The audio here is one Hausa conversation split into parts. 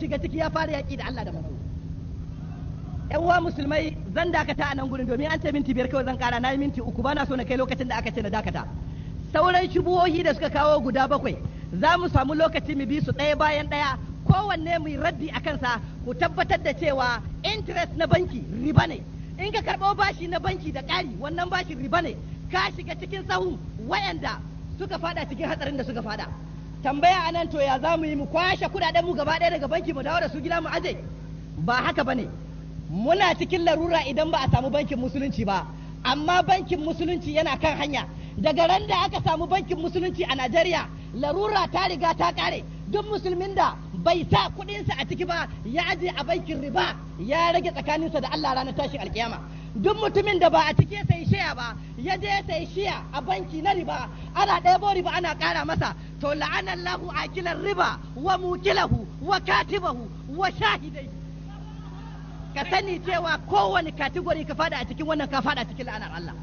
shiga ciki ya fara yaƙi da Allah da manzo yan uwa musulmai zan dakata a nan gurin domin an ce minti biyar kawai zan kara na yi minti uku bana so na kai lokacin da aka ce na dakata sauran shubuhohi da suka kawo guda bakwai za mu samu lokaci mu bi su ɗaya bayan ɗaya kowanne mu raddi a kansa ku tabbatar da cewa interest na banki riba ne in ka karɓo bashi na banki da ƙari wannan bashi riba ne ka shiga cikin sahu wayanda suka fada cikin hatsarin da suka fada tambaya anan to ya za mu yi mu kwashe kudaden mu gaba ɗaya daga banki mu dawo da su gida mu aje ba haka bane muna cikin larura idan ba a samu bankin musulunci ba amma bankin musulunci yana kan hanya daga ran da aka samu bankin musulunci a Najeriya larura ta riga ta kare duk musulmin da bai sa kudinsa a ciki ba ya aje a bankin riba ya rage tsakaninsa da Allah ranar tashi alkiyama duk mutumin da ba a cike sai shiya ba ya je sai shiya a banki na riba ana ɗebo riba ana ƙara masa to la'anallahu akilar riba wa mukilahu wa katibahu wa shahidai ka sani cewa kowane kategori ka fada a cikin wannan ka fada a cikin la'anar Allah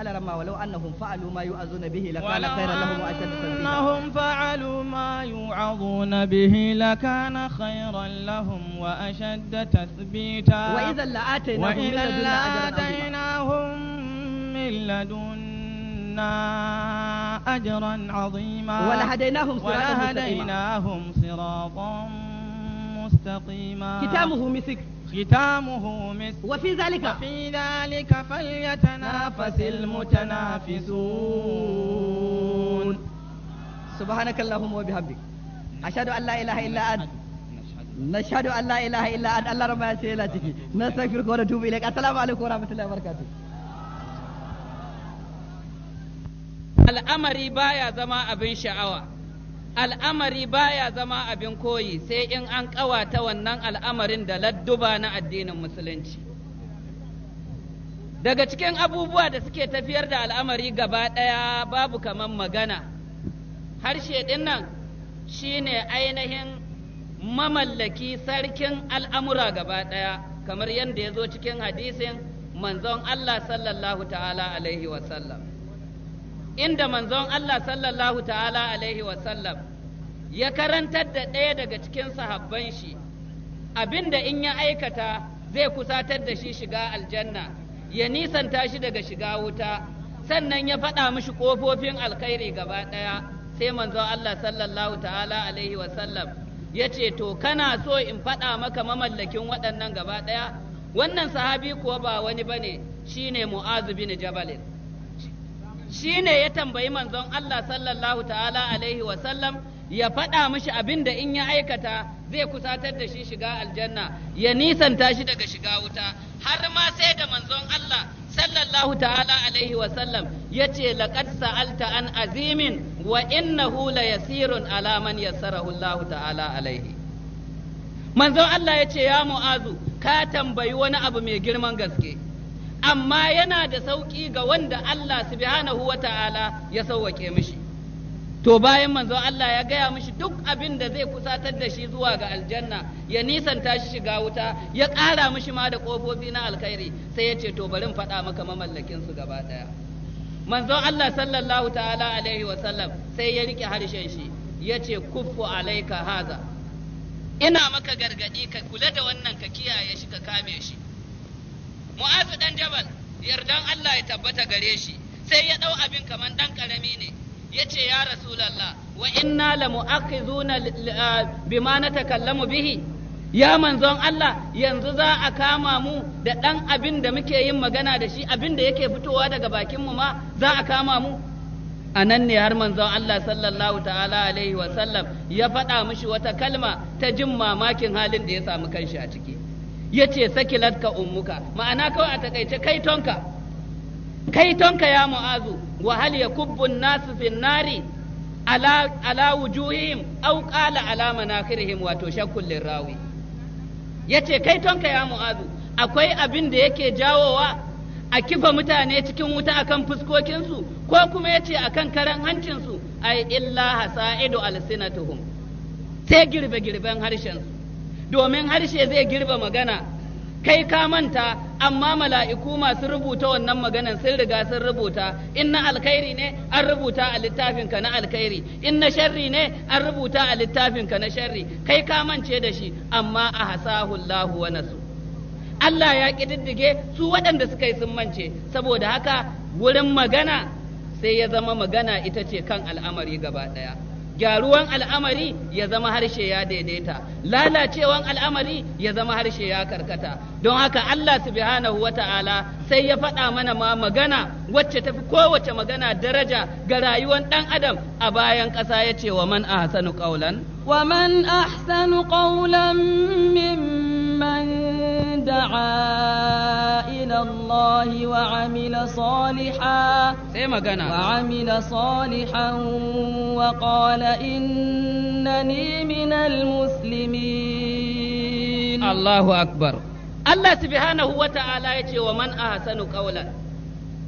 على رما ولو أنهم فعلوا ما يؤذون به لكان خيرا لهم وأشد تنفيذا أنهم فعلوا ما يوعظون به لكان خيرا لهم وأشد تثبيتا وإذا لآتيناهم وإذا لآتيناهم من لدنا أجرا عظيما ولهديناهم صراطا ولهديناهم صراطا مستقيما كتابه مسك ختامه مسك وفي ذلك وفي ذلك فليتنافس المتنافسون سبحانك اللهم وبحمدك أشهد أن لا إله إلا أنت نشهد أن لا إله إلا أنت الله ربنا يسهل لك نستغفرك ونتوب إليك السلام عليكم ورحمة الله وبركاته al'amari baya zama abin sha'awa al'amari baya zama abin koyi sai in an ƙawata wannan al'amarin da ladduba na addinin musulunci daga cikin abubuwa da suke tafiyar da al'amari gaba ɗaya babu kaman magana harshe ɗin nan shine ainihin mamallaki sarkin al'amura gaba ɗaya kamar yadda ya zo cikin hadisin manzon Allah sallallahu ta'ala alaihi wasallam inda manzon Allah sallallahu ta'ala alaihi wasallam ya karantar da ɗaya daga cikin sahabban shi abinda in ya aikata zai kusatar da shi shiga aljanna ya nisanta shi daga shiga wuta sannan ya faɗa mishi ƙofofin alkhairi gaba ɗaya sai manzon Allah sallallahu ta'ala alaihi wasallam ya ce to kana so in faɗa maka mamallakin waɗannan gaba ɗaya wannan sahabi kuwa ba wani bane shine mu'azu bin jabalin Shi ne ya tambayi manzon Allah sallallahu ta'ala alaihi wa sallam ya faɗa mishi abin da in ya aikata zai kusatar da shi shiga aljanna ya nisanta shi daga shiga wuta har ma sai da manzon Allah sallallahu ta'ala alaihi wa sallam ce laqad sa'alta an azimin wa innahu la yasirun ala man yassarahu Allah ta'ala alaihi manzon Allah yace ya mu'azu ka tambayi wani abu mai girman gaske amma yana da sauƙi ga wanda Allah subhanahu wa ta'ala ya sauwake mishi to bayan manzo Allah ya gaya mishi duk abin da zai kusatar da shi zuwa ga aljanna ya nisanta shi shiga wuta ya ƙara mishi ma da ƙofofi na alkhairi sai ya ce to bari in faɗa maka mamallakin su gaba ɗaya manzo Allah sallallahu ta'ala alaihi wa sallam sai ya rike harshen shi ya ce kuffu alaika haza ina maka gargadi ka kula da wannan ka kiyaye shi ka kame shi mu'azu dan jabal yardan Allah ya tabbata gare shi sai ya dau abin kaman dan karami ne yace ya rasulullah wa inna la mu'akhizuna bima natakallamu bihi ya manzon Allah yanzu za a kama mu da dan abin da muke yin magana da shi abin da yake fitowa daga bakin mu ma za a kama mu a nan ne har manzon Allah sallallahu ta'ala alaihi wa sallam ya faɗa mishi wata kalma ta jin mamakin halin da ya samu kanshi a ciki ya ce sakilat ka ummuka ma'ana kawai a takaice kai tonka kai tonka ya mu'azu wa hal yakubbu nasu fin nari ala ala wujuhihim aw qala ala manakirihim wato shakkul lirawi yace kai tonka ya mu'azu akwai abin da yake jawowa a kifa mutane cikin wuta akan fuskokinsu ko kuma yace akan karan hancinsu ai illa hasaidu alsinatuhum sai girbe girben harshensu domin harshe zai girba magana kai ka manta amma mala'iku masu rubuta wannan maganan sun riga sun rubuta in na alkhairi ne an rubuta a littafinka na alkhairi in na sharri ne an rubuta a littafinka na sharri kai ka mance da shi amma a hasahullahu wa nasu Allah ya kididdige su waɗanda suka yi sun mance saboda haka wurin magana sai ya zama magana ita ce kan al'amari gaba ɗaya gyaruwan al'amari ya zama harshe ya daidaita lalacewan al'amari ya zama harshe ya karkata don haka Allah subhanahu wata'ala sai ya faɗa mana ma magana wacce tafi kowace magana daraja ga rayuwar ɗan adam a bayan ƙasa ya ce wa man ahsanu qawlan wa man ahsanu qawlan mimman da'a إلى الله وعمل صالحا وعمل صالحا وقال إنني من المسلمين الله أكبر الله سبحانه وتعالى يقول ومن أحسن قولا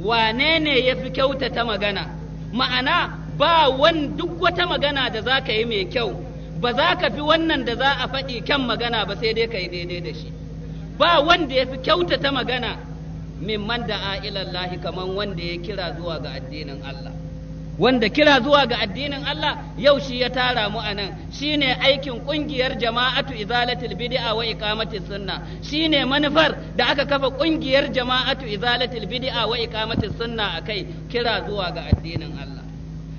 wanene ya fi kyautata magana ma'ana ba wan duk wata magana da za ka yi mai kyau ba za ka fi wannan da za a faɗi kyan magana ba sai dai ka yi daidai da shi ba wanda ya fi kyautata magana man da'a ilallahi kaman wanda ya kira zuwa ga addinin Allah wanda kira zuwa ga addinin Allah yau shi ya tara mu anan shine aikin kungiyar jama'atu izalatul bid'a wa iqamati sunna shine manufar da aka kafa kungiyar jama'atu izalatul bid'a wa iqamati sunna akai kira zuwa ga addinin Allah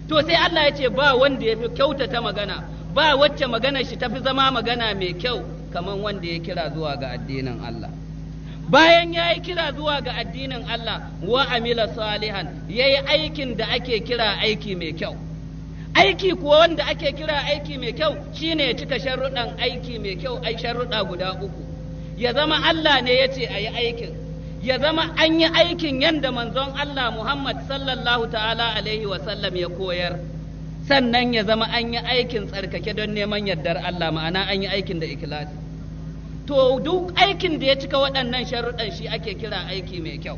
to sai Allah ya ce ba wanda ya fi kyautata magana ba wacce magana shi tafi zama magana mai kyau kamar wanda ya kira zuwa ga addinin Allah bayan ya yi kira zuwa ga addinin Allah wa amila salihan ya yi aikin da ake kira aiki mai kyau aiki kuwa wanda ake kira aiki mai kyau shine ya cika sharruɗan aiki mai kyau ai sharuɗa guda uku ya zama Allah ne ya ce a yi aikin ya zama an yi aikin yadda manzon Allah Muhammad sallallahu ta'ala alaihi wasallam ya koyar sannan ya zama an yi aikin tsarkake don neman yardar Allah ma'ana an yi aikin da ikilasi to duk aikin da ya cika waɗannan sharuɗan shi ake kira aiki mai kyau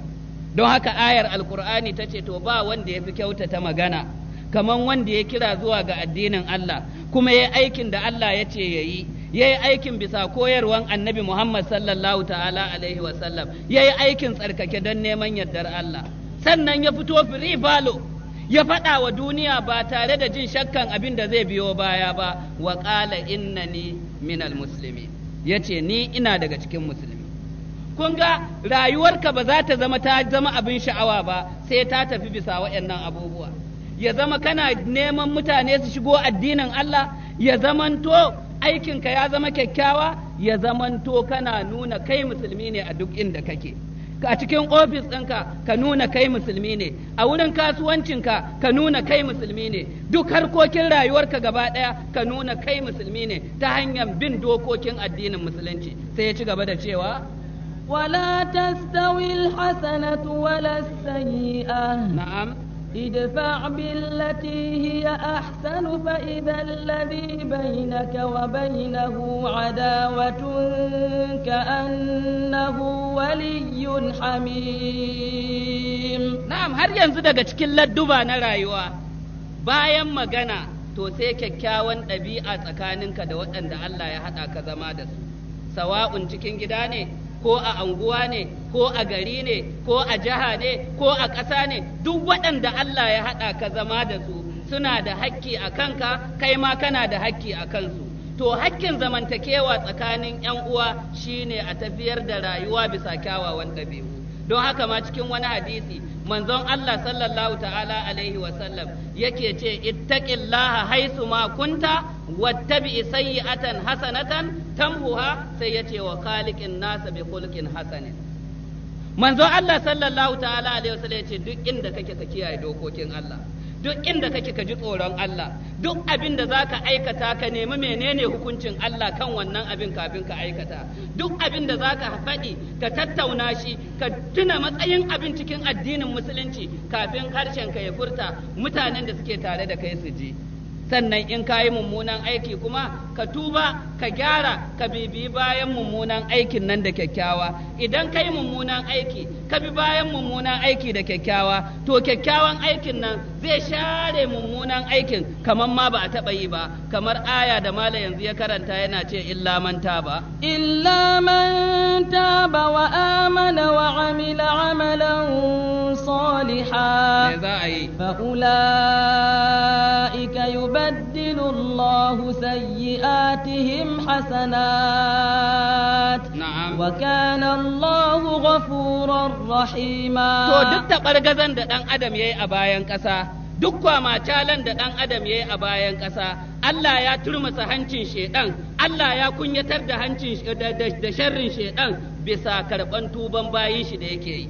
don haka ayar alkur'ani ta ce to ba wanda ya fi kyautata magana kamar wanda ya kira zuwa ga addinin Allah kuma ya aikin da Allah ya ce ya yi ya yi aikin bisa koyarwan annabi Muhammad sallallahu ta'ala alaihi wasallam ya yi aikin tsarkake don neman yardar Allah sannan ya fito firi balo ya faɗa wa duniya ba tare da jin shakkan abin da zai biyo baya ba wa ƙala innani minal musulmi ya ce ni ina daga cikin musulmi kun ga rayuwarka ba za ta zama ta zama abin sha'awa ba sai ta tafi bisa waɗannan abubuwa ya zama kana neman mutane su shigo addinin Allah ya zamanto aikinka ya zama kyakkyawa ya zamanto kana nuna kai musulmi ne a duk inda kake. a cikin ofis ɗinka ka nuna kai musulmi ne a wurin kasuwancinka ka nuna kai musulmi ne duk harkokin rayuwarka gaba ɗaya ka nuna kai musulmi ne ta hanyar bin dokokin addinin musulunci sai ya ci gaba da cewa ولا تستوي الحسنة ولا السيئة نعم ادفع بالتي هي أحسن فإذا الذي بينك وبينه عداوة كأنه waliyyun hamim na'am har yanzu daga cikin ladduba na rayuwa bayan magana to sai kyakkyawan ɗabi'a tsakaninka da waɗanda Allah ya haɗa ka zama da su sawa'un cikin gida ne ko a anguwa ne ko a gari ne ko a jiha ne ko a ƙasa ne duk waɗanda Allah ya haɗa ka zama da su suna da hakki a kanka kai ma kana da hakki a kansu to hakkin zamantakewa tsakanin 'yan uwa shine a tafiyar da rayuwa bisa kyawawan ɗabi'u don haka ma cikin wani hadisi manzon Allah sallallahu ta'ala alaihi wasallam yake ce ittaqillaha haisu ma kunta wattabi sayyi'atan hasanatan tamhuha sai yace wa khaliqin nasa bi khulqin hasanin manzon Allah sallallahu ta'ala alaihi wasallam yace duk inda kake ka kiyaye dokokin Allah duk inda kake ka ji tsoron Allah duk abin da za ka aikata ka nemi menene hukuncin Allah kan wannan abin kafin ka aikata duk abin da za ka faɗi ka tattauna shi ka tuna matsayin abin cikin addinin musulunci kafin harshen ka ya furta mutanen da suke tare da kai su ji sannan in ka yi mummunan aiki kuma ka tuba ka gyara ka bibi bayan mummunan aikin nan da kyakkyawa idan ka yi mummunan aiki ka bi bayan mummunan aiki da kyakkyawa to kyakkyawan aikin nan zai share mummunan aikin kamar ma ba a taɓa yi ba kamar aya da mala yanzu ya karanta yana ce illa man taba illa man taba wa amana wa amila amalan saliha za a yi fa ulaika الله سيئاتهم حسنات نعم وكان الله to duk taɓar tabargazan da ɗan adam yayi a bayan ƙasa duk kwamacalan da ɗan adam yayi a bayan ƙasa Allah ya turmasa hancin shedan Allah ya kunyatar da da sharrin shedan bisa karban tuban bayin shi da yake yi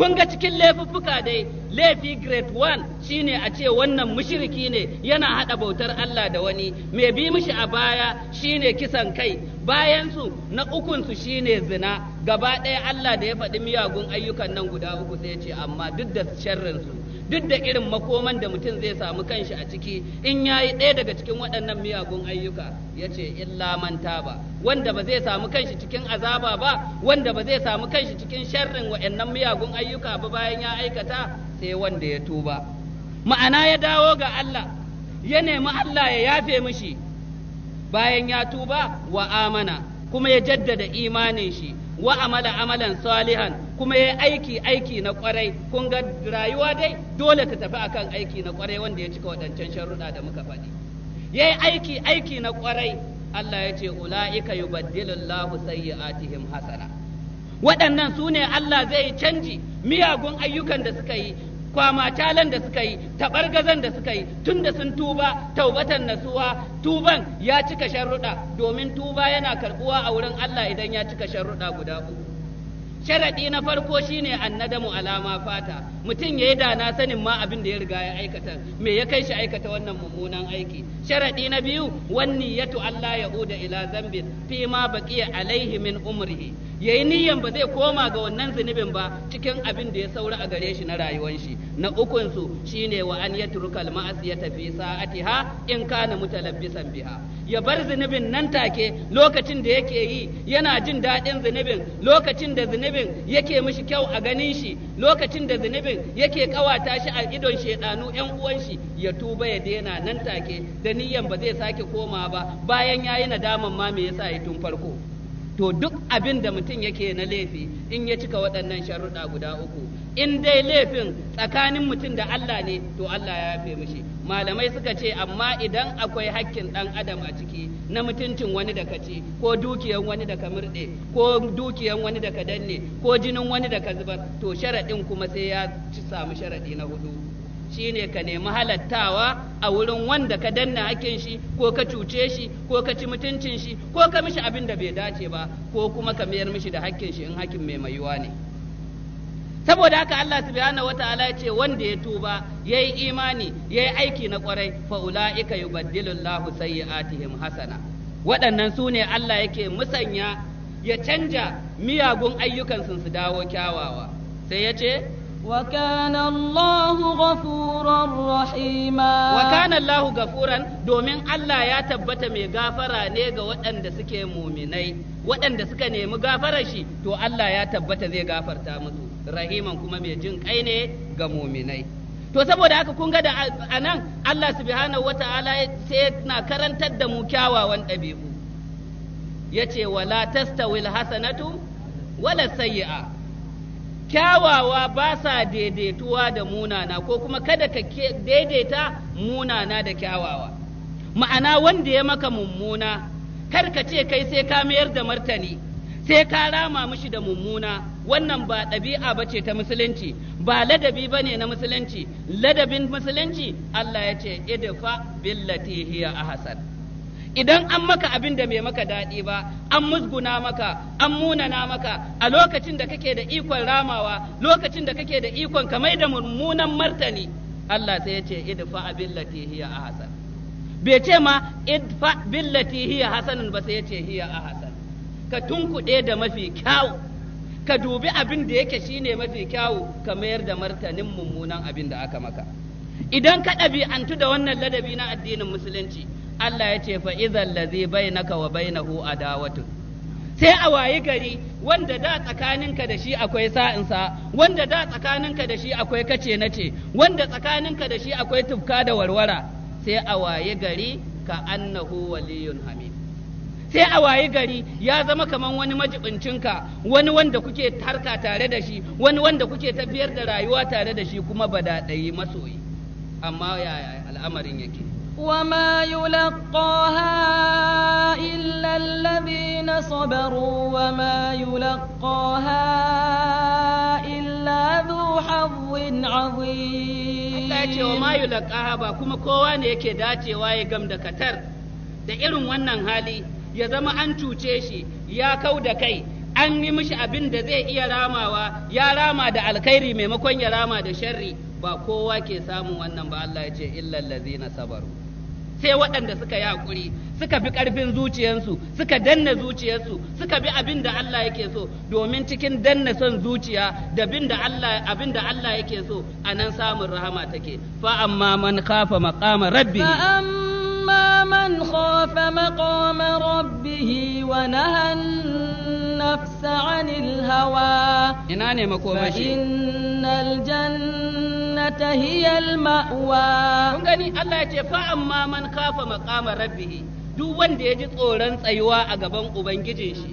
kun ga cikin laifuffuka dai laifi grade 1 shine a ce wannan mushriki ne yana hada bautar Allah da wani mai bi mushi a baya shine kisan kai bayan su na ukunsu shine zina gaba ɗaya Allah da ya faɗi miyagun ayyukan nan guda uku sai ya ce amma duk da sharrinsu. duk da irin makoman da mutum zai samu kanshi a ciki in ya yi ɗaya daga cikin waɗannan miyagun ayyuka ya ce illa manta ba. wanda ba zai samu kanshi cikin azaba ba wanda ba zai samu kanshi cikin sharrin waɗannan miyagun ayyuka ba bayan ya aikata sai wanda ya tuba ma'ana ya dawo ga Allah ya nemi Allah ya yafe mishi bayan ya tuba wa amana kuma ya jaddada imanin shi wa amala amalan salihan kuma yayi aiki aiki na kwarai kun ga rayuwa dai dole ta tafi akan aiki na kwarai wanda ya cika wadancan sharuɗa da muka faɗi yayi aiki aiki na kwarai Allah ya ce ula'ika yubaddilu Allahu sayyi'atihim hasana waɗannan su ne Allah zai canji miyagun ayyukan da suka yi kwama calan da suka yi gazan da suka yi tun da sun tuba taubatan nasuwa tuban ya cika sharruɗa domin tuba yana karɓuwa a wurin Allah idan ya cika sharruɗa guda uku sharaɗi na farko shine annadamu alama fata mutum ya yi dana sanin ma abin da ya riga ya aikata me ya kai shi aikata wannan mummunan aiki sharaɗi na biyu wanni yatu Allah ya uda ila zambin fi ma ya alaihi min umrihi yi niyyan ba zai koma ga wannan zunubin ba cikin abin da ya saura a gare shi na rayuwan shi na ukunsu su shine wa an yatrukal ma'asiyata fi sa'atiha in kana mutalabbisan biha ya bar zunubin nan take lokacin da yake yi yana jin daɗin zunubin lokacin da zunubin zunubin yake mishi kyau a ganin shi lokacin da zunubin yake kawata shi a idon shedanu yan uwan shi ya tuba ya daina nan take da niyyan ba zai sake koma ba bayan yayi nadaman ma me yasa ya tun farko to duk abin da mutum yake na laifi in ya cika waɗannan sharuɗa guda uku in dai laifin tsakanin mutum da Allah ne to Allah ya yafe mishi malamai suka ce amma idan akwai hakkin ɗan adam a ciki na mutuncin wani da ka ko dukiyan wani da ka murɗe ko dukiyan wani da ka danne ko jinin wani da ka zubar to sharaɗin kuma sai ya ci samu sharaɗi na hudu shine ka nemi halattawa a wurin wanda ka danna hakkin shi ko ka cuce shi ko ka ci mutuncin shi ko ka mishi abin da bai dace ba ko kuma ka mayar mishi da hakkin shi in hakkin mai mayuwa ne saboda haka Allah subhanahu wataala ya ce wanda ya tuba yayi imani yayi aiki na kwarai fa ulaika sai Allahu sayyi'atihim hasana waɗannan su ne Allah yake musanya ya canja miyagun ayyukan su dawo kyawawa sai ya ce wa kana Allahu ghafuran rahima wa kana Allahu ghafuran domin Allah ya tabbata mai gafara ne ga waɗanda suke muminai waɗanda suka nemi gafarar shi to Allah ya tabbata zai gafarta musu rahiman kuma mai jin kai ne ga muminai to saboda haka kun ga da anan Allah subhanahu wata'ala sai na karantar da mu kyawawan ɗabi'u yace wala tastawil hasanatu wala sayyi'a kyawawa ba sa daidaituwa da munana ko kuma kada ka daidaita munana da kyawawa ma'ana wanda ya maka mummuna kar ka ce kai sai ka mayar da martani sai ka rama mishi da mummuna wannan ba ɗabi'a ba ce ta musulunci ba ladabi ba ne na musulunci ladabin musulunci Allah ya ce idfa billati hiya ahsan idan an maka abin da mai maka daɗi ba an musguna maka an munana maka a lokacin da kake da ikon ramawa lokacin da kake da ikon kamar da mummunan martani Allah sai ya ce idfa billati hiya ahsan bai ce ma idfa billati hiya hasanun ba sai ya ce hiya ahsan ka tunkuɗe da mafi kyau ka dubi abin da yake shine mafi kyawu ka mayar da martanin mummunan abin da aka maka idan ka ɗabi'antu da wannan ladabi na addinin musulunci Allah ya ce fa idhal ladhi bainaka wa bainahu adawatun sai a wayi gari wanda da tsakaninka da shi akwai sa'insa wanda da tsakaninka da shi akwai kace nace wanda tsakaninka da shi akwai tufka da warwara sai a wayi gari ka annahu waliyun hamid sai a wayi gari ya zama kaman wani majibincinka wani wanda kuke harka tare da shi wani wanda kuke tafiyar da rayuwa tare da shi kuma badaɗayi masoyi amma yaya al'amarin yake وما يلقاها إلا الذين صبروا وما يلقاها إلا ذو حظ عظيم Allah ya ce wa ma yulaqaha ba kuma kowa ne yake dacewa ya gamda katar da irin wannan hali ya zama an cuce shi ya kau da kai an yi mishi abin da zai iya ramawa ya rama da alkhairi maimakon ya rama da sharri ba kowa ke samun wannan ba Allah ya ce illal ladzina sabaru sai waɗanda suka yi hakuri suka bi ƙarfin zuciyarsu suka danna zuciyarsu suka bi abin da Allah yake so domin cikin danna son zuciya da bin da Allah abin da Allah yake so anan samun rahama take fa amma man khafa maqama amma إما من خاف مقام ربه ونهى النفس عن الهوى فإن الجنة هي المأوى kun gani Allah ce fa amma man kafa maqama rabbih duk wanda ya ji tsoron tsayuwa a gaban ubangijin shi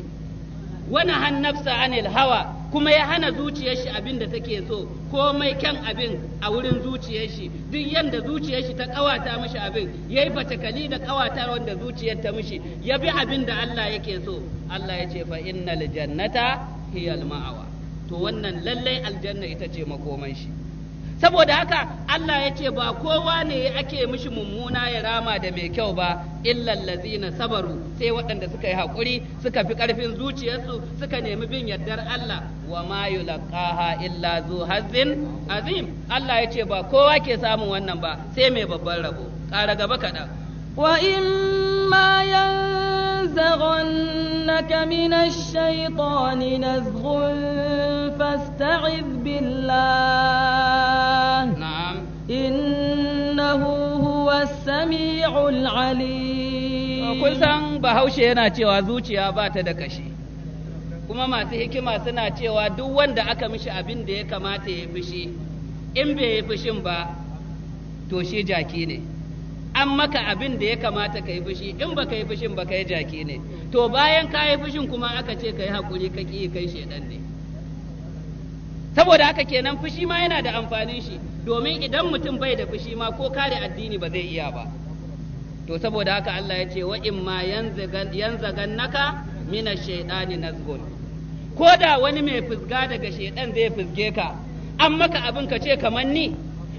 wani hannafsa anil hawa kuma ya hana zuciyar shi abin da take so komai kyan abin a wurin zuciyar shi duk yanda zuciyar shi ta kawata mishi abin yayi kali da kawata wanda zuciyar ta mishi ya bi abin da Allah yake so Allah ya ce fa innal jannata hiyal ma'awa to wannan lallai aljanna ita ce makoman shi saboda haka Allah ya ce ba kowa ne ake mishi mummuna ya rama da mai kyau ba illal ladzina sabaru sai waɗanda suka yi haƙuri suka fi ƙarfin zuciyarsu suka nemi bin yardar Allah wa ma yulqaha illa zu hazzin azim Allah ya ce ba kowa ke samun wannan ba sai mai babban rabo ƙara gaba kaɗan وَإِمَّا يَنزَغَنَّكَ مِنَ الشَّيْطَانِ نَزْغٌ فَاسْتَعِذْ بِاللَّهِ نعم إِنَّهُ هُوَ السَّمِيعُ الْعَلِيمُ kun san bahaushe yana cewa zuciya ba ta da kashi kuma masu hikima suna cewa duk wanda aka mishi abin da ya kamata ya fushi in bai yi fushin ba to shi jaki ne an maka abin da ya kamata ka yi fushi in ba ka yi fushin ba yi jaki ne to bayan ka yi fushin kuma aka ce ka yi haƙuri ka ƙi kai shaidan ne saboda haka kenan fushi ma yana da amfanin shi domin idan mutum bai da fushi ma ko kare addini ba zai iya ba to saboda haka Allah ya ce wa in ma yanzagan naka mina shaidani nazgun ko da wani mai fusga daga shaidan zai fusge ka an maka abin ka ce kamar ni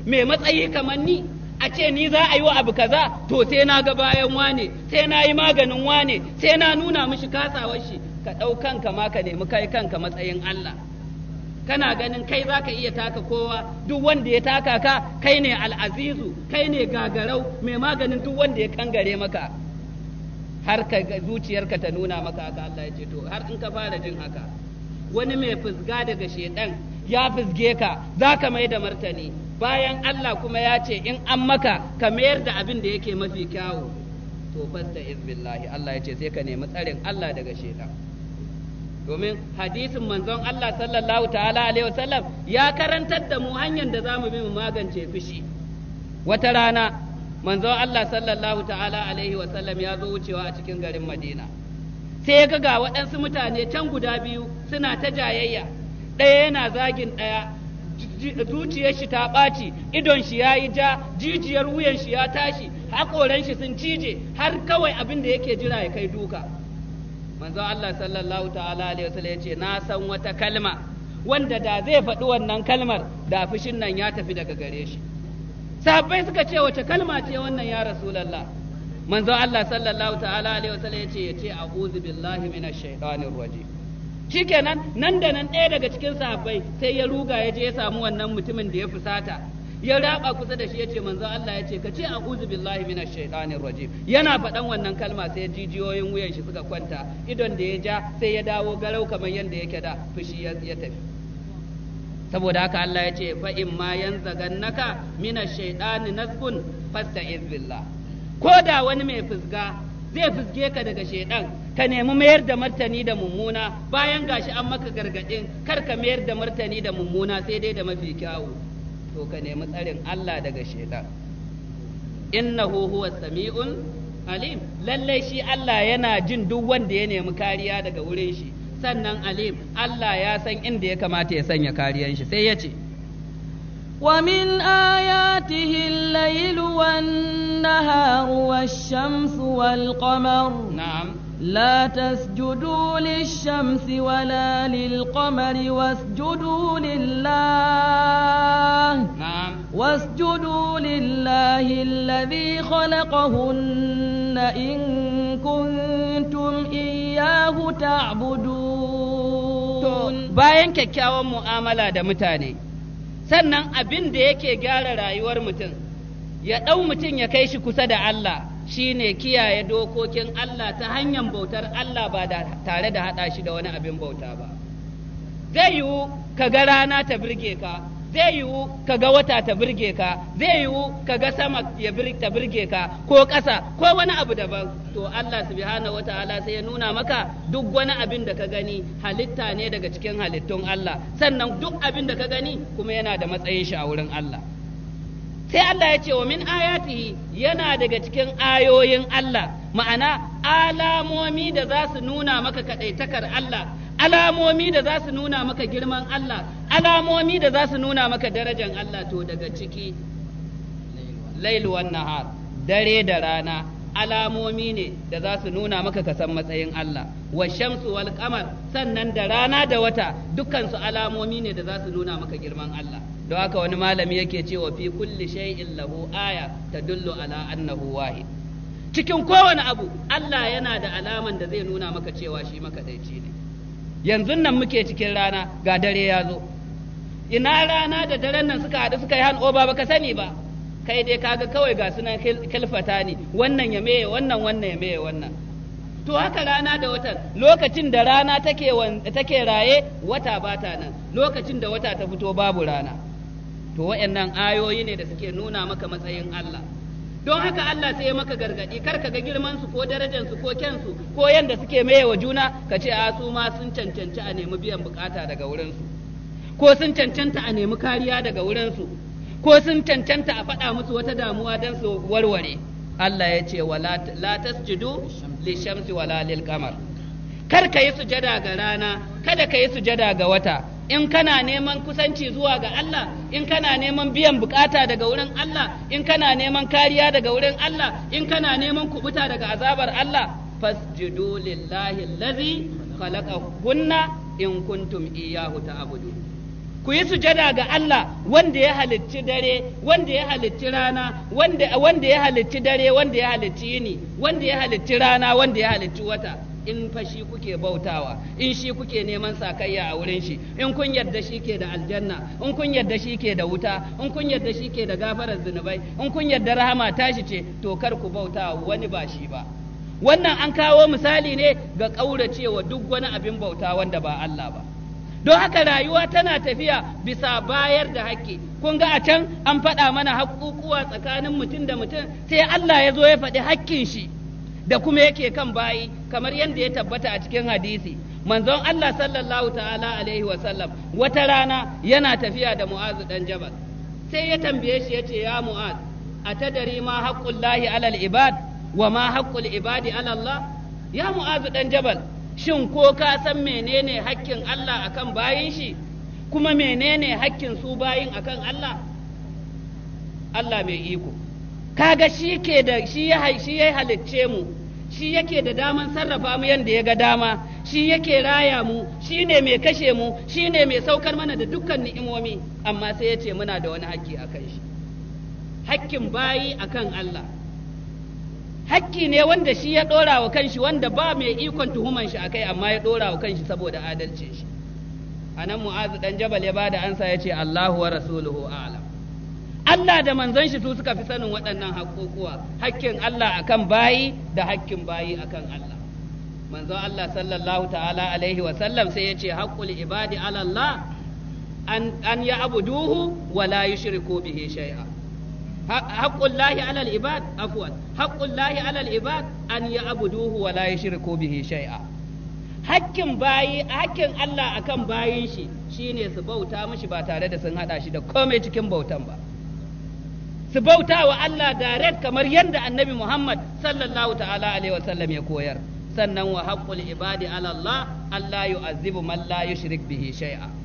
mai matsayi kamar ni a ce ni za a yi wa abu kaza to sai na ga bayan wane sai na yi maganin wane sai na nuna mishi kasawar shi ka ɗau kanka ma ka nemi kai kanka matsayin Allah kana ganin kai za ka iya taka kowa duk wanda ya taka ka kai ne al'azizu kai ne gagarau mai maganin duk wanda ya kangare maka har ka zuciyarka ta nuna maka haka Allah ya ce to har in ka fara jin haka wani mai fusga daga shedan ya fusge ka za ka mai da martani bayan Allah kuma ya ce in an maka ka mayar da abin da yake mafi kyawu to fasta izbillahi Allah ya ce sai ka nemi tsarin Allah daga shaitan domin hadisin manzon Allah sallallahu ta'ala alaihi wasallam ya karantar da mu hanyar da zamu bi mu magance fushi wata rana manzon Allah sallallahu ta'ala alaihi wasallam ya zo wucewa a cikin garin Madina sai ya ga waɗansu mutane can guda biyu suna ta jayayya ɗaya yana zagin ɗaya zuciyar shi ta ɓaci idon shi ya yi ja jijiyar wuyan shi ya tashi haƙoran shi sun cije har kawai abin da yake jira ya kai duka manzo Allah sallallahu ta'ala alaihi wasallam ya ce na san wata kalma wanda da zai faɗi wannan kalmar da fushin nan ya tafi daga gare shi sahabbai suka ce wace kalma ce wannan ya rasulullah manzo Allah sallallahu ta'ala alaihi wasallam ya ce ya ce a'udhu billahi minash shaitanir rajim shikenan nan da nan ɗaya daga cikin sahabbai sai ya ruga ya je ya samu wannan mutumin da ya fusata ya raba kusa da shi ya ce manzo Allah ya ce ka ce a'udhu billahi minash shaitanir rajim yana faɗan wannan kalma sai jijiyoyin wuyan shi suka kwanta idon da ya ja sai ya dawo garau kamar yanda yake da fushi ya tafi saboda haka Allah ya ce fa in ma yanzagannaka minash shaitani nazgun fasta'iz billah ko da wani mai fusga zai fizge ka daga shedan ka nemi mayar da martani da mummuna bayan gashi an maka gargadin kar ka mayar da martani da mummuna sai dai da mafi kyawu to ka nemi tsarin Allah daga shedan innahu huwas sami'un alim lallai shi Allah yana jin duk wanda ya nemi kariya daga wurin shi sannan alim Allah ya san inda ya kamata ya sanya kariyan shi sai ya ce ومن آياته الليل والنهار والشمس والقمر نعم لا تسجدوا للشمس ولا للقمر واسجدوا لله نعم واسجدوا لله الذي خلقهن إن كنتم إياه تعبدون باين كيكاوى مؤاملة دا متاني sannan abin da yake gyara rayuwar mutum ya ɗau mutum ya kai shi kusa da Allah shine kiyaye dokokin Allah ta hanyar bautar Allah ba da tare da haɗa shi da wani abin bauta ba zai yiwu ka ga rana ta birge ka zai yiwu ka ga wata ta birge ka zai yiwu ka ga sama ya ta birge ka ko ƙasa ko wani abu daban to Allah subhanahu wataala sai ya nuna maka duk wani abin da ka gani halitta ne daga cikin halittun Allah sannan duk abin da ka gani kuma yana da matsayin shi a wurin Allah sai Allah ya ce wa min ayatihi yana daga cikin ayoyin Allah ma'ana alamomi da za su nuna maka kaɗaitakar Allah alamomi da za su nuna maka girman Allah alamomi da za su nuna maka darajan Allah to daga ciki lailuwan nahar dare da rana alamomi ne da za su nuna maka ka matsayin Allah wa shamsu wal kamar sannan da rana da wata dukansu alamomi ne da za su nuna maka girman Allah don haka wani malami yake cewa fi kulli shay'in lahu aya tadullu ala annahu wahid cikin kowane abu Allah yana da alaman da zai nuna maka cewa shi maka makadaici ne yanzu nan muke cikin rana ga dare ya zo ina rana da daren nan suka haɗu suka yi han oba baka sani ba kai dai kaga kawai ga sunan kilfata ne wannan ya meye wannan wannan ya meye wannan to haka rana da watan lokacin da rana take take raye wata bata nan lokacin da wata ta fito babu rana to wayannan ayoyi ne da suke nuna maka matsayin Allah don haka Allah sai ya maka gargadi kar ka ga girman su ko darajar su ko kyan su ko yanda suke maye wa juna ka ce a su ma sun cancanci a nemi biyan bukata daga wurin su ko sun cancanta a nemi kariya daga wurin su ko sun cancanta a faɗa musu wata damuwa don su warware Allah ya ce wala la tasjudu lishamsi wala lil qamar kar ka yi sujada ga rana kada ka yi sujada ga wata in kana neman kusanci zuwa ga Allah in kana neman biyan bukata daga wurin Allah in kana neman kariya daga wurin Allah in kana neman kubuta daga azabar Allah fasjudu lillahi allazi khalaqahunna in kuntum iyyahu ta'budun ku yi sujada ga Allah wanda ya halicci dare wanda ya halicci rana wanda wanda ya halicci dare wanda ya halicci yini wanda ya halicci rana wanda ya halicci wata in fa shi kuke bautawa in shi kuke neman sakayya a wurin shi in kun yarda shi ke da aljanna in kun yarda shi ke da wuta in kun yarda shi ke da gafarar zunubai in kun yarda rahama tashi ce to kar ku bauta wani ba shi ba wannan an kawo misali ne ga ƙauracewa duk wani abin bauta wanda ba Allah ba don haka rayuwa tana tafiya bisa bayar da haƙƙi kun ga a can an faɗa mana haƙuƙuwa tsakanin mutum da mutum sai Allah ya zo ya faɗi haƙƙin shi da kuma yake kan bayi kamar yadda ya tabbata a cikin hadisi manzon Allah sallallahu ta'ala alaihi wa sallam wata rana yana tafiya da Mu'azu dan Jabal sai ya tambaye shi yace ya Mu'az atadari ma Lahi alal ibad wa ma haqqul ibadi alallah ya Mu'azu dan Jabal shin ko ka san menene hakkin Allah akan bayin shi kuma menene hakkin su bayin akan Allah Allah mai iko kaga shi ke da shi ya shi ya halicce mu shi yake da daman sarrafa mu yanda ya ga dama shi yake raya mu shi ne mai kashe mu shi ne mai saukar mana da dukkan ni'imomi amma sai ya ce muna da wani haƙƙi a shi haƙƙin bayi akan Allah hakki ne wanda shi ya ɗora wa kanshi wanda ba mai ikon tuhuman shi akai amma ya ɗora wa kanshi saboda adalcin shi anan mu'azu dan jabal ya bada ansa ya ce Allahu wa rasuluhu a'lam Allah da manzon shi su suka fi sanin waɗannan haƙoƙuwa hakkin Allah akan bayi da hakkin bayi akan Allah manzon Allah sallallahu ta'ala alaihi wa sallam sai yace ce haqqul ibadi ala Allah an an ya abuduhu wa la yushriku bihi shay'a haqqullahi alal ibad afwan haqqullahi alal ibad an ya'buduhu wa la yushriku bihi shay'a hakkin bayi hakkin Allah akan bayin shi shine su bauta mishi ba tare da sun hada shi da komai cikin bautan ba su bauta wa Allah direct kamar yadda annabi Muhammad sallallahu ta'ala alaihi wasallam ya koyar sannan wa haqqul ibadi ala Allah Allah yu'azzibu man la yushrik bihi shay'a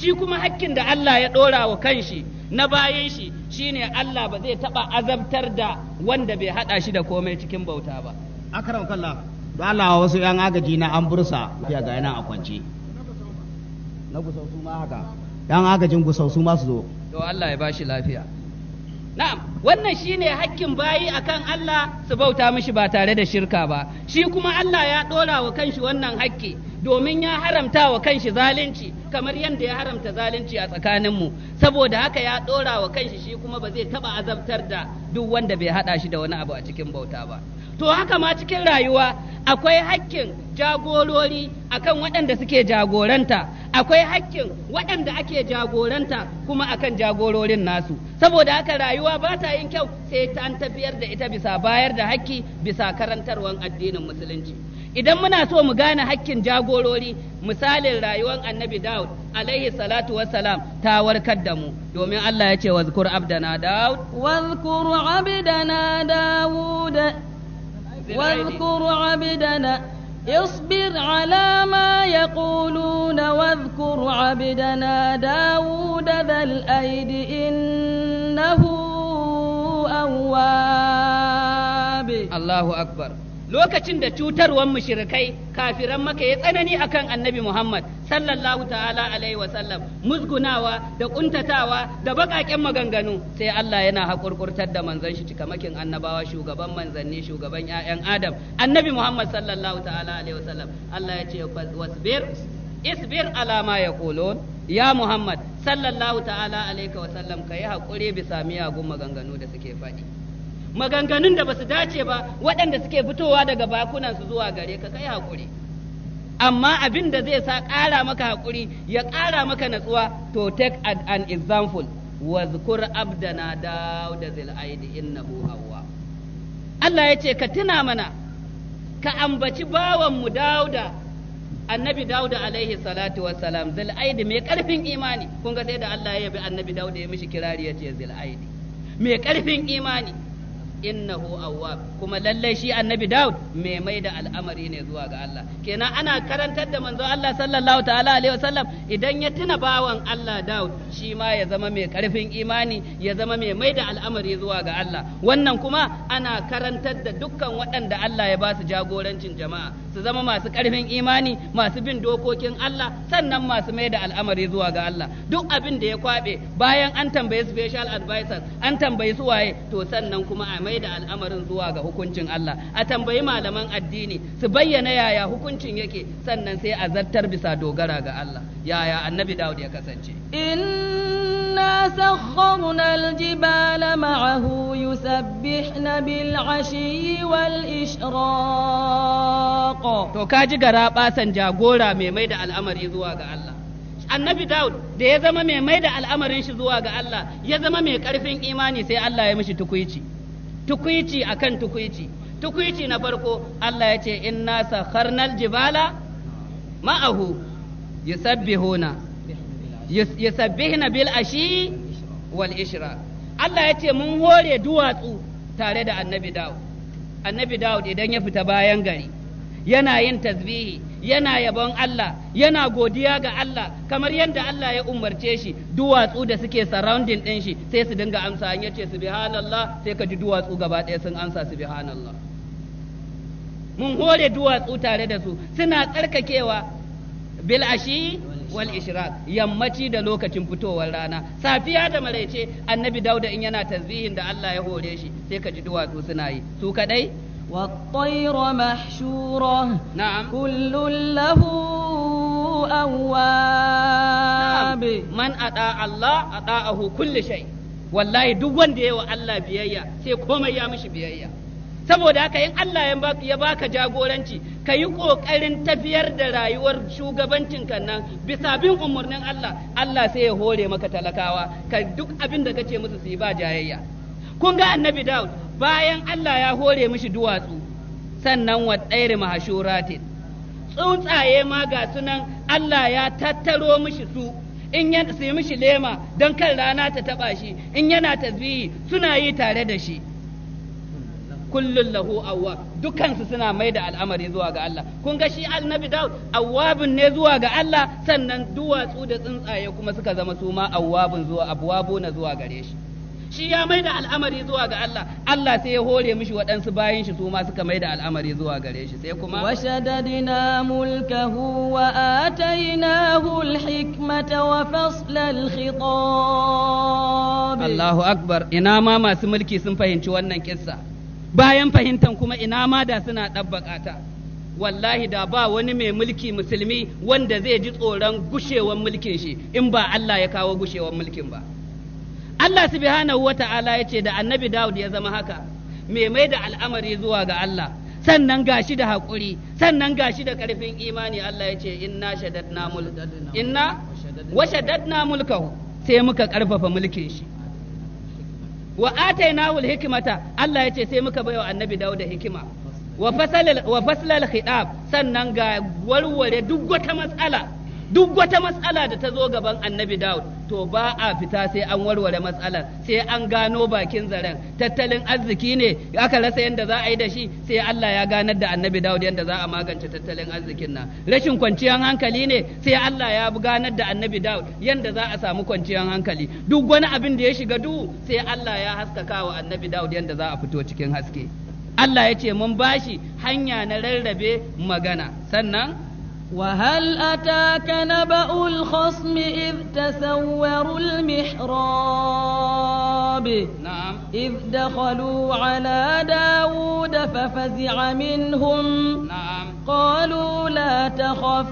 shi kuma hakkin da Allah ya ɗora wa kanshi na bayan shi shine Allah ba zai taɓa azabtar da wanda bai haɗa shi da komai cikin bauta ba akram kalla, don Allah wasu yan agaji na an bursa ya ga yana a kwance na gusau su ma haka yan agajin gusau su ma su zo to Allah ya shi lafiya na'am wannan shine hakkin bayi akan Allah su bauta mishi ba tare da shirka ba shi kuma Allah ya ɗora wa kanshi wannan hakki domin ya haramta wa kanshi zalunci kamar yadda ya haramta zalunci a tsakaninmu saboda haka ya ɗora wa kanshi shi kuma ba zai taba azabtar da duk wanda bai haɗa shi da wani abu a cikin bauta ba to haka ma cikin rayuwa akwai hakkin jagorori akan waɗanda suke jagoranta akwai hakkin waɗanda ake jagoranta kuma akan jagororin nasu saboda haka rayuwa ba ta yin kyau sai ta tafiyar da ita bisa bayar da hakki bisa karantarwan addinin musulunci idan muna so mu gane hakkin jagorori misalin rayuwar annabi Dawud alaihi salatu wassalam ta warkar da mu domin Allah ya ce wazkur abdana Dawud wazkur abdana Dawud wazkur abdana اصبر على ما يقولون واذكر عبدنا داود ذا الأيد إنه أواب الله أكبر lokacin da cutarwar mushrikai kafiran maka ya tsanani akan annabi Muhammad sallallahu ta'ala alaihi sallam, musgunawa da kuntatawa da bakaken maganganu sai Allah yana hakurkurtar da manzon shi cikamakin annabawa shugaban manzanni shugaban ƴaƴan Adam annabi Muhammad sallallahu ta'ala alaihi sallam, Allah ya ce wasbir isbir ala ma yaqulun ya Muhammad sallallahu ta'ala alaihi sallam kai hakuri bisa miyagun maganganu da suke faɗi maganganun da basu dace ba waɗanda suke fitowa daga bakunansu zuwa gare ka kai hakuri amma abin da zai sa ƙara maka hakuri ya ƙara maka natsuwa to take an example wazkur abdana dawud zil aidi innahu hawa Allah ya ka tuna mana ka ambaci bawanmu dauda annabi dauda alaihi salatu wassalam zil aidi mai karfin imani kun ga sai da Allah ya bi annabi dauda ya mishi kirari ya ce zil aidi mai karfin imani innahu awwab kuma lallai shi annabi Daud mai mai da al'amari ne zuwa ga Allah kenan ana karantar da manzo Allah sallallahu ta'ala alaihi wasallam idan ya tuna bawan Allah Daud shi ma ya zama mai karfin imani ya zama mai mai da al'amari zuwa ga Allah wannan kuma ana karantar da dukkan waɗanda Allah ya ba su jagorancin jama'a su zama masu karfin imani masu bin dokokin Allah sannan masu mai da al'amari zuwa ga Allah duk abin da ya kwabe bayan an tambaye special advisors an tambayi su waye to sannan kuma a mai da al'amarin zuwa ga hukuncin Allah a tambayi malaman addini su bayyana yaya hukuncin yake sannan sai a zartar bisa dogara ga Allah yaya annabi Dawud ya kasance inna sakhkharna aljibala ma'ahu yusabbihna bil ashi wal ishraq to kaji gara basan jagora mai mai da al'amari zuwa ga Allah annabi Dawud da ya zama mai mai da al'amarin shi zuwa ga Allah ya zama mai karfin imani sai Allah ya mishi tukuici tukuici akan tukuici tukuici na farko Allah ya ce inna sakharnal jibala ma'ahu yusabbihuna yusabbihuna bil ashi wal ishra Allah ya ce mun hore duwatsu tare da annabi Dawud annabi Dawud idan ya fita bayan gari yana yin tasbihi yana yabon Allah yana godiya ga Allah kamar yadda Allah ya umarce shi duwatsu da suke surrounding din shi sai su dinga amsa an yace subhanallah sai ka ji duwatsu gaba ɗaya sun amsa subhanallah mun hore duwatsu tare da su suna tsarkakewa bil ashi wal ishraq yammaci da lokacin fitowar rana safiya da maraice annabi dauda in yana tasbihin da Allah ya hore shi sai ka ji duwatsu suna yi su kadai والطير محشورة نعم كل له أواب نعم. من أطاع الله أطاعه كل شيء والله duk wanda wa Allah biyayya sai komai ya biyayya saboda haka in Allah ya baka jagoranci ka yi ƙoƙarin tafiyar da rayuwar shugabancin nan bisa bin umarnin Allah Allah sai ya hore maka talakawa ka duk abin da kace musu su yi ba jayayya kun ga annabi Dawud bayan Allah ya hore mishi duwatsu sannan wa tsairi mahashuratin tsuntsaye ma ga sunan Allah ya tattaro mishi su in ya su mishi lema don kan rana ta taba shi in yana tasbihi suna yi tare da shi kullun lahu awwab dukansu suna mai da al'amari zuwa ga Allah kun ga shi annabi Dawud awwabin ne zuwa ga Allah sannan duwatsu da tsuntsaye kuma suka zama su ma awwabin zuwa abwabuna zuwa gare shi shi ya mai da al'amari zuwa ga Allah Allah sai ya hore mishi waɗansu bayan shi su ma suka mai da al'amari zuwa gare shi sai kuma wa shadadina mulkahu wa atainahu alhikmata wa fasla alkhitab Allahu akbar ina ma masu mulki sun fahimci wannan kissa bayan fahimtan kuma ina ma da suna dabbakata. wallahi da ba wani mai mulki musulmi wanda zai ji tsoron gushewan mulkin shi in ba Allah ya kawo gushewan mulkin ba Allah subhanahu wa ta'ala ya ce da annabi Dawud ya zama haka me mai da al'amari zuwa ga Allah sannan gashi da haƙuri sannan gashi da ƙarfin imani Allah ya ce inna shaddadna mulkahu inna wa shaddadna mulkahu sai muka ƙarfafa mulkin shi wa atainahul hikmata Allah ya ce sai muka baiwa annabi Dawud hikima wa fasal wa fasal khitab sannan ga warware duk wata matsala duk wata matsala da ta zo gaban annabi Dawud to ba a fita sai an warware matsalar sai an gano bakin zaren tattalin arziki ne aka rasa yadda za a yi da shi sai Allah ya ganar da annabi Dawud yadda za a magance tattalin arzikin nan rashin kwanciyar hankali ne sai Allah ya ganar da annabi Dawud yadda za a samu kwanciyar hankali duk wani abin da ya shiga duhu sai Allah ya haskaka wa annabi Dawud yadda za a fito cikin haske Allah ya ce mun bashi hanya na rarrabe magana sannan وهل أتاك نبأ الخصم إذ تسوروا المحراب نعم إذ دخلوا على داود ففزع منهم نعم قالوا لا تخف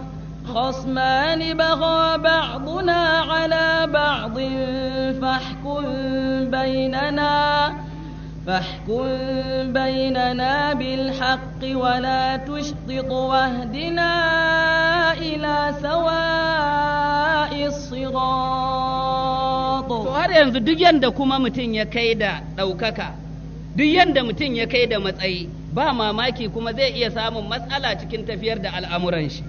خصمان بغى بعضنا على بعض فاحكم بيننا فاحكم بيننا بالحق ولا تشطط واهدنا إلى سواء الصراط har yanzu duk yanda kuma mutum ya kai da ɗaukaka duk yanda mutum ya kai da matsayi ba mamaki kuma zai iya samun matsala cikin tafiyar da al'amuran shi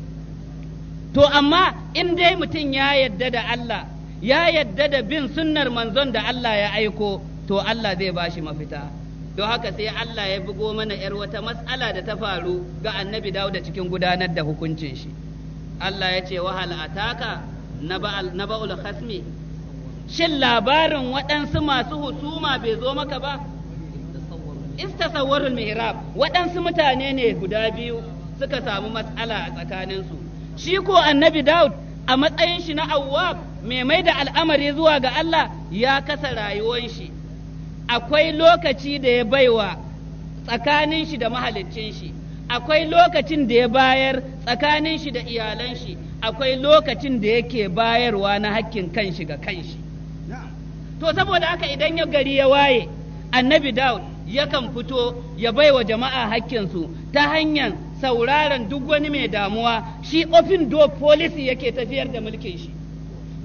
to amma in dai mutum ya yadda da Allah ya yadda da bin sunnar manzon da Allah ya aiko to Allah zai ba shi mafita don haka sai Allah ya bugo mana ‘yar wata matsala da ta faru ga annabi dawo da cikin gudanar da hukuncin shi Allah ya ce wahal ataka na ba'ul khasmi shin labarin waɗansu masu husuma bai zo maka ba istasawwarul mihrab waɗansu mutane ne guda biyu suka samu matsala a tsakaninsu shi ko annabi Dawud a matsayin shi na awwab mai mai da al'amari zuwa ga Allah ya kasa rayuwan shi akwai lokaci da ya baiwa tsakanin shi da mahaliccin shi akwai lokacin da ya bayar tsakanin shi da iyalan shi akwai lokacin da yake bayarwa na hakkin kanshi ga kanshi to saboda haka idan ya gari ya waye annabi daud yakan fito ya baiwa jama'a hakkinsu ta hanyar sauraron duk wani mai damuwa shi ofin do policy yake tafiyar da mulkin shi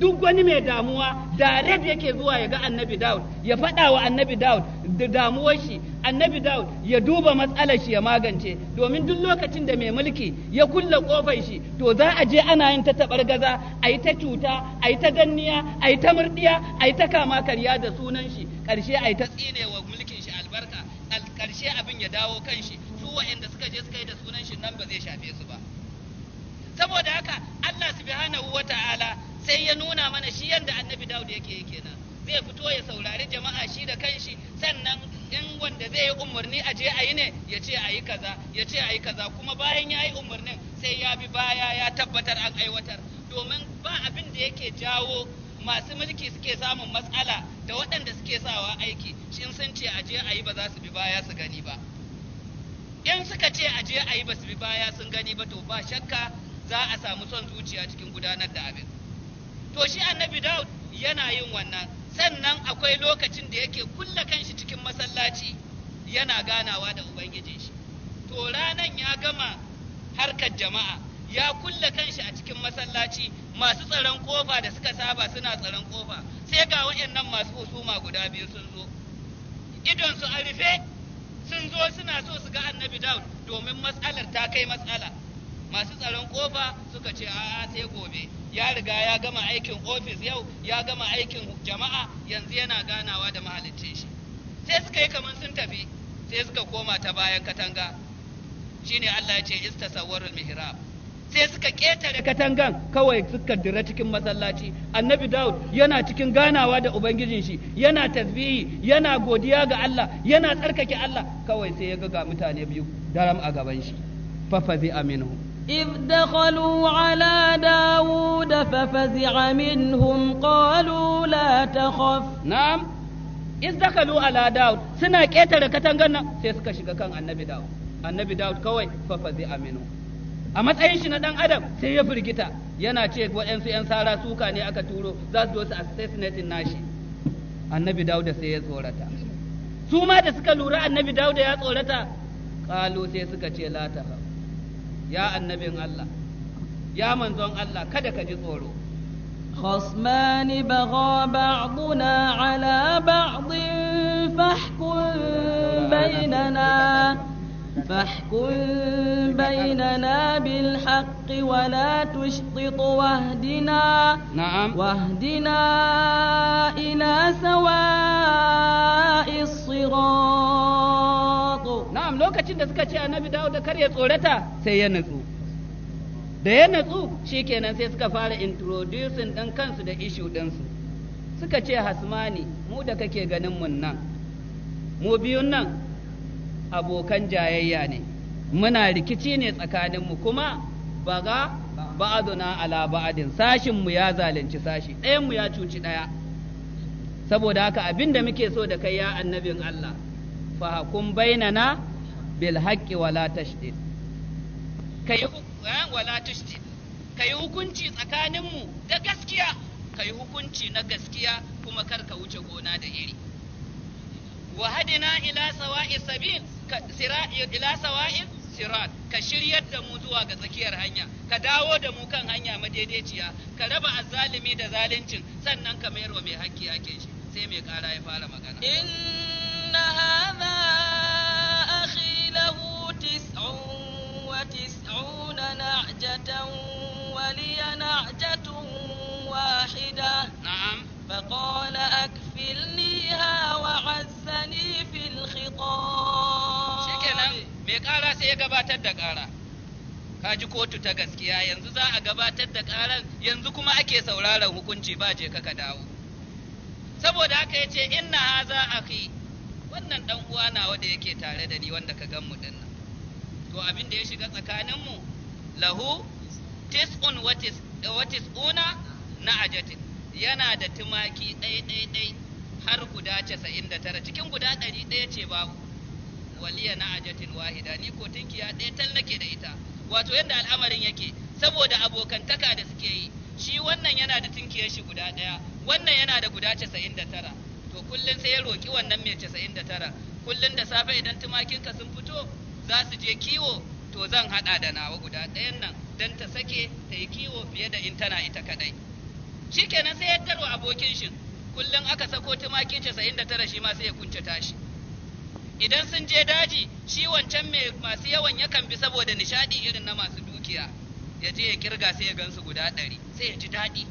duk wani mai damuwa da red yake zuwa ya ga annabi daud ya faɗa wa annabi daud da damuwar shi annabi daud ya duba matsalar shi ya magance domin duk lokacin da mai mulki ya kulle kofar shi to za a je ana yin ta tabar gaza a yi ta cuta a yi ta danniya a yi ta murdiya a yi ta kama karya da sunan shi karshe a yi ta tsinewa mulkin shi albarka karshe abin ya dawo kan shi su waɗanda suka je suka yi da sunan shi nan ba zai shafe su ba saboda haka Allah subhanahu ta'ala. sai ya nuna mana shi yadda annabi Dawud yake yake nan zai fito ya saurari jama'a shi da kanshi sannan in wanda zai yi umarni a je a yi ne ya ce a yi kaza ya ce a yi kaza kuma bayan ya yi umarnin sai ya bi baya ya tabbatar an aiwatar domin ba abin da yake jawo masu mulki suke samun matsala da waɗanda suke sawa aiki shi sun ce a je a yi ba za su bi baya su gani ba in suka ce a je a yi ba su bi baya sun gani ba to ba shakka za a samu son zuciya cikin gudanar da abin to shi annabi Da'ud yana yin wannan sannan akwai lokacin da yake kulla kanshi cikin masallaci yana ganawa da ubangijin shi to ranan ya gama harkar jama'a ya kulla kanshi a cikin masallaci masu tsaron kofa da suka saba suna tsaron kofa sai ga waɗannan masu husuma guda biyu sun zo idon su a rufe sun zo suna so su ga annabi Da'ud domin matsalar ta kai matsala masu tsaron kofa suka ce a sai gobe ya riga ya gama aikin ofis yau ya gama aikin jama'a yanzu yana ganawa da mahalicci shi sai suka yi kamar sun tafi sai suka koma ta bayan katanga shine Allah ya ce istasawwarul mihrab sai suka ketare katangan kawai suka dira cikin masallaci annabi daud yana cikin ganawa da ubangijin shi yana tasbihi yana godiya ga Allah yana tsarkake Allah kawai sai ya ga mutane biyu daram a gaban shi fafazi aminu إذ دخلوا على داود ففزع منهم قالوا لا تخف نعم إذ دخلوا على داود سنة كتر كتنغنا سيسكا شكا النبي داود النبي داود كوي ففزع منهم a matsayin shi na dan adam sai ya firgita yana ce waɗansu 'yan sara suka ne aka turo za su zo su assassinatin nashi annabi dauda sai ya tsorata su da suka lura annabi dauda ya tsorata ƙalo sai suka ce يا annabin الله يا من Allah الله كذا ji tsoro خصمان بغى بعضنا على بعض فاحكم بيننا فاحكم بيننا بالحق ولا تشطط واهدنا نعم واهدنا إلى سواء الصراط lokacin da suka ce annabi da kar ya tsorata sai ya natsu da ya natsu shi kenan sai suka fara introducing ɗan kansu da issue ɗinsu suka ce hasmani mu da kake ganin mun nan mu biyun nan abokan jayayya ne muna rikici ne tsakanin tsakaninmu kuma baga ba'aduna ala ba'adin sashin mu ya zalunci sashi ɗayan mu ya cuci ɗaya saboda haka abin da muke so da kai ya annabin Allah fa hukum bainana bil haqqi wala tashdid kai wala tashdid kai hukunci tsakanin mu da gaskiya kai hukunci na gaskiya kuma kar ka wuce gona da iri wa hadina ila sawa'i sabil ila sawa'i sirat ka shiryar da mu zuwa ga tsakiyar hanya ka dawo da mu kan hanya madaidaiciya ka raba azzalimi da zaluncin sannan ka mayarwa mai haƙƙi ake shi sai mai ƙara ya fara magana inna hadha تسع وتسعون نعجة ولي نعجة واحدة نعم فقال أكفلنيها وعزني في الخطاب شكرا ميقالا سيقبات الدقارة kaji kotu ta gaskiya yanzu za a gabatar da karar yanzu kuma ake sauraron hukunci ba je kaka dawo saboda haka yace inna haza akhi wannan dan uwa nawa da yake tare da ni wanda ka gan mu dinnan to abin da ya shiga tsakaninmu lahu tis'un wa tis'una na ajatin yana da tumaki ɗai-ɗai-ɗai har guda casa'in da tara cikin guda ɗari ɗaya ce babu waliya na ajatin wahida ni ko tinkiya ɗaya nake da ita wato yadda al'amarin yake saboda abokantaka da suke yi shi wannan yana da tinkiyar shi guda ɗaya wannan yana da guda casa'in da tara to kullum sai ya roƙi wannan mai casa'in da tara kullum da safe idan tumakinka sun fito za su je kiwo to zan haɗa da nawa guda ɗayan nan don ta sake ta yi kiwo fiye da in tana ita kaɗai shi kenan sai ya tarwa abokin shi kullum aka sako tumaki casa'in da tara shi ma sai ya kunce tashi idan sun je daji shi wancan mai masu yawan yakan bi saboda nishaɗi irin na masu dukiya ya je ya kirga sai ya gansu guda ɗari sai ya ji daɗi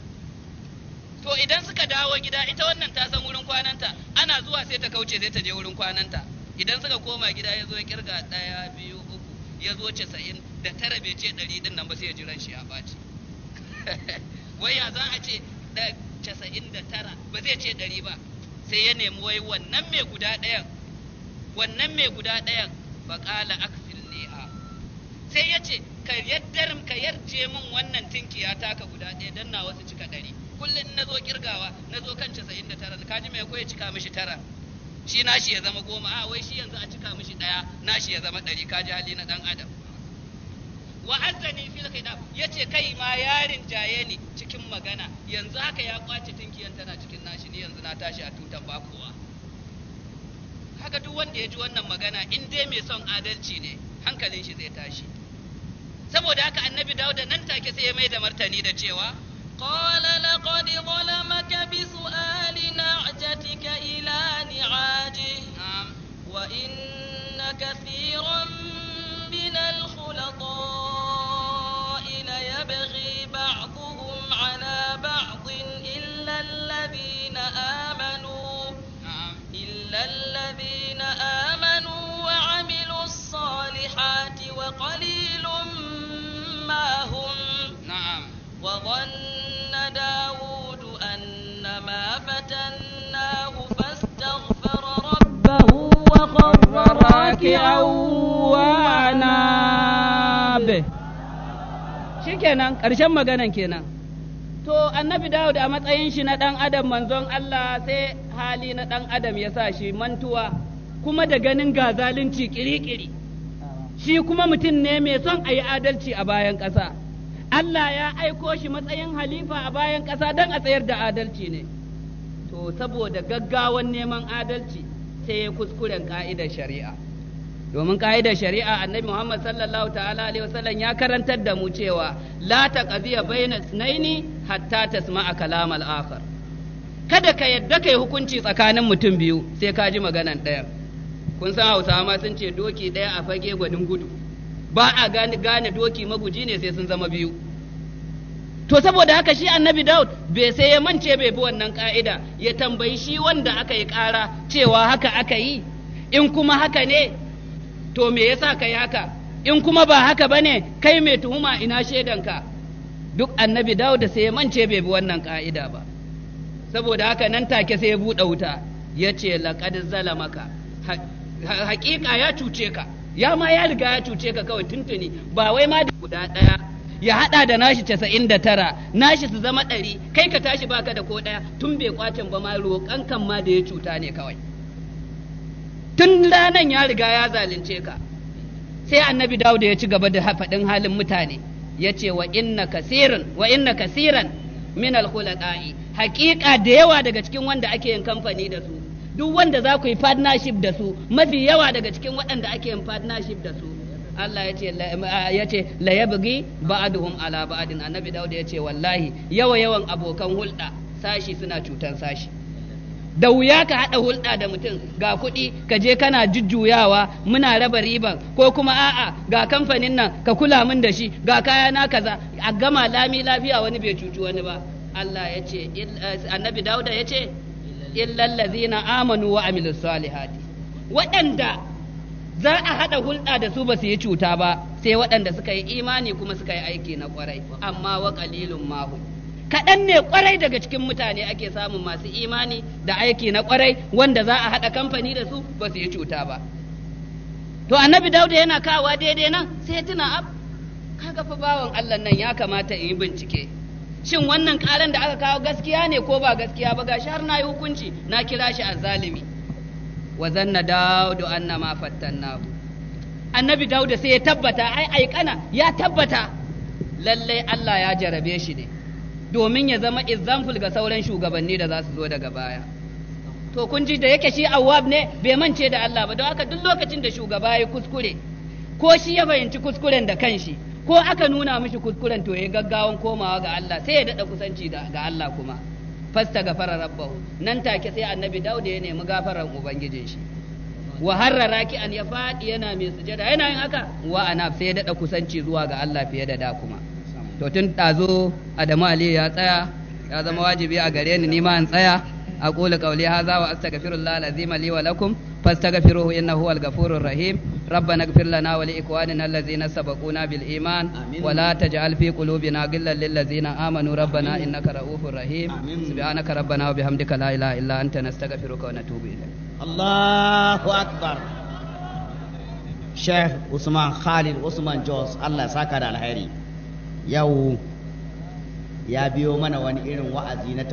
to idan suka dawo gida ita wannan ta san wurin kwananta ana zuwa sai ta kauce sai ta je wurin kwananta idan suka koma gida ya zo ya kirga ɗaya biyu uku ya zo casa'in da tara bai ce ɗari ɗin nan ba sai ya ji ran shi ya ɓaci wai ya za a ce casa'in da tara ba zai ce ɗari ba sai ya nemi wai wannan mai guda ɗayan wannan mai guda ɗayan ba ƙala akfil sai ya ce ka yaddar ka yarje min wannan tinkiya taka guda ɗaya don na wasu cika ɗari kullum na zo kirgawa na zo kan casa'in da tara ka ji mai ya cika mishi tara shi nashi ya zama goma a wai shi yanzu a cika mishi daya nashi ya zama ɗari ka ji hali na ɗan adam wa azani fil khidab yace kai ma yarin jaye ne cikin magana yanzu haka ya kwace tinkiyan tana cikin nashi ni yanzu na tashi a tutan ba kowa haka duk wanda ya ji wannan magana in dai mai son adalci ne hankalin shi zai tashi saboda haka annabi dawo da nan take sai ya mai da martani da cewa qala laqad zalamaka bi su'ali بعجتك إلى نعاجه نعم وإن كثيرا من الخلطاء ليبغي بعضهم على بعض إلا الذين آمنوا نعم إلا الذين آمنوا وعملوا الصالحات وقليل ما هم نعم وظن داود كما فتناه ƙarshen maganan kenan to annabi dawud a matsayin shi na ɗan adam manzon allah sai hali na ɗan adam ya sa shi mantuwa kuma da ganin ga zalunci kirikiri shi kuma mutum ne mai son a yi adalci a bayan ƙasa Allah ya aiko shi matsayin halifa a bayan ƙasa don a tsayar da adalci ne to saboda gaggawan neman adalci sai ya kuskuren ka'idar shari'a domin ka'idar shari'a annabi Muhammad sallallahu ta'ala alaihi wasallam ya karantar da mu cewa la taqdiya baina naini hatta tasma'a kalam al-akhar kada ka yadda kai hukunci tsakanin mutum biyu sai ka ji maganan ɗaya kun san Hausawa ma sun ce doki ɗaya a fage gwanin gudu ba a gane gane doki maguji ne sai sun zama biyu to saboda haka shi annabi Daud bai sai ya mance bai bi wannan ka'ida ya tambayi shi wanda aka yi ƙara cewa haka aka yi in kuma haka ne to me yasa yi haka in kuma ba haka bane kai mai tuhuma ina shaidanka duk annabi Dawud sai ya mance bai bi wannan ka'ida ba saboda haka nan take sai ya buɗe wuta ya ce zalamaka haƙiƙa ya cuce ka ya ma ya riga ya cuce ka kawai tuntuni ba wai ma da guda ɗaya ya haɗa da nashi casa'in tara nashi su zama ɗari kai ka tashi baka da ko ɗaya tun bai kwacin ba ma roƙan kan ma da ya cuta ne kawai tun ranan ya riga ya zalunce ka sai annabi dawuda ya ci gaba da faɗin halin mutane ya ce wa inna kasirin wa inna kasiran min alkhulaqa'i haƙiƙa da yawa daga cikin wanda ake yin kamfani da su duk wanda za ku yi partnership da su mafi yawa daga cikin waɗanda ake yin partnership da su Allah ya ce ya ce la yabghi ba'duhum ala ba'din annabi daud ya ce wallahi yawa yawan abokan hulɗa sashi suna cutan sashi da wuya ka haɗa hulɗa da mutum ga kuɗi ka je kana jujjuyawa muna raba riban ko kuma a'a ga kamfanin nan ka kula min da shi ga kaya na kaza a gama lami lafiya wani bai cuci wani ba Allah ya ce eh, annabi Dawuda ya ce illal ladzina amanu wa amilus salihati waɗanda za a haɗa hulɗa da su ba su yi cuta ba sai waɗanda suka yi imani kuma suka yi aiki na ƙwarai amma wa qalilun mahu kaɗan ne ƙwarai daga cikin mutane ake samun masu imani da aiki na ƙwarai wanda za a haɗa kamfani da su ba su yi cuta ba to annabi dauda yana kawa daidai nan sai tuna ab kaga fa bawan Allah nan ya kamata in yi bincike shin wannan karan da aka kawo gaskiya ne ko ba gaskiya ba gashi har na yi hukunci na kira shi azzalimi wa zanna daudu anna ma fattanna annabi dauda sai ya tabbata ai aikana ya tabbata lallai Allah ya jarabe shi ne domin ya zama example ga sauran shugabanni da za su zo daga baya to kun ji da yake shi awwab ne bai mance da Allah ba don haka duk lokacin da shugaba ya kuskure ko shi ya fahimci kuskuren da kanshi ko aka nuna mishi kuskuren to ya gaggawan komawa ga Allah sai ya dada kusanci ga Allah kuma fasta gafara rabbahu nan take sai annabi Dawud ya nemi gafaran ubangijin shi wa harrara ki an ya faɗi yana mai sujada yana yin haka wa ana sai ya dada kusanci zuwa ga Allah fiye da da kuma to tun dazo Adamu Ali ya tsaya ya zama wajibi a gare ni ma in tsaya أقول قولي هذا وأستغفر الله العظيم لي ولكم فاستغفروه إنه هو الغفور الرحيم ربنا اغفر لنا ولإخواننا الذين سبقونا بالإيمان ولا تجعل في قلوبنا غلا للذين آمنوا ربنا إنك رؤوف رحيم سبحانك ربنا وبحمدك لا إله إلا أنت نستغفرك ونتوب إليك الله أكبر شيخ عثمان خالد عثمان جوز الله ساكر على هيري يو يا biyo mana wani irin wa'azi na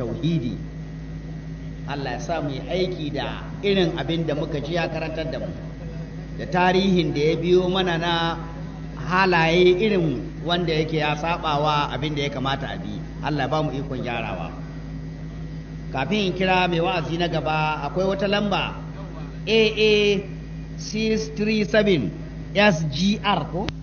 Allah ya sa mu yi aiki da irin abin da muka ji ya karantar da mu da tarihin da ya biyo mana na halaye irin wanda yake ya sabawa abin da ya kamata a bi Allah ba mu ikon gyarawa kafin in kira mai wa'azi na gaba akwai wata lamba AA 637 SGR ko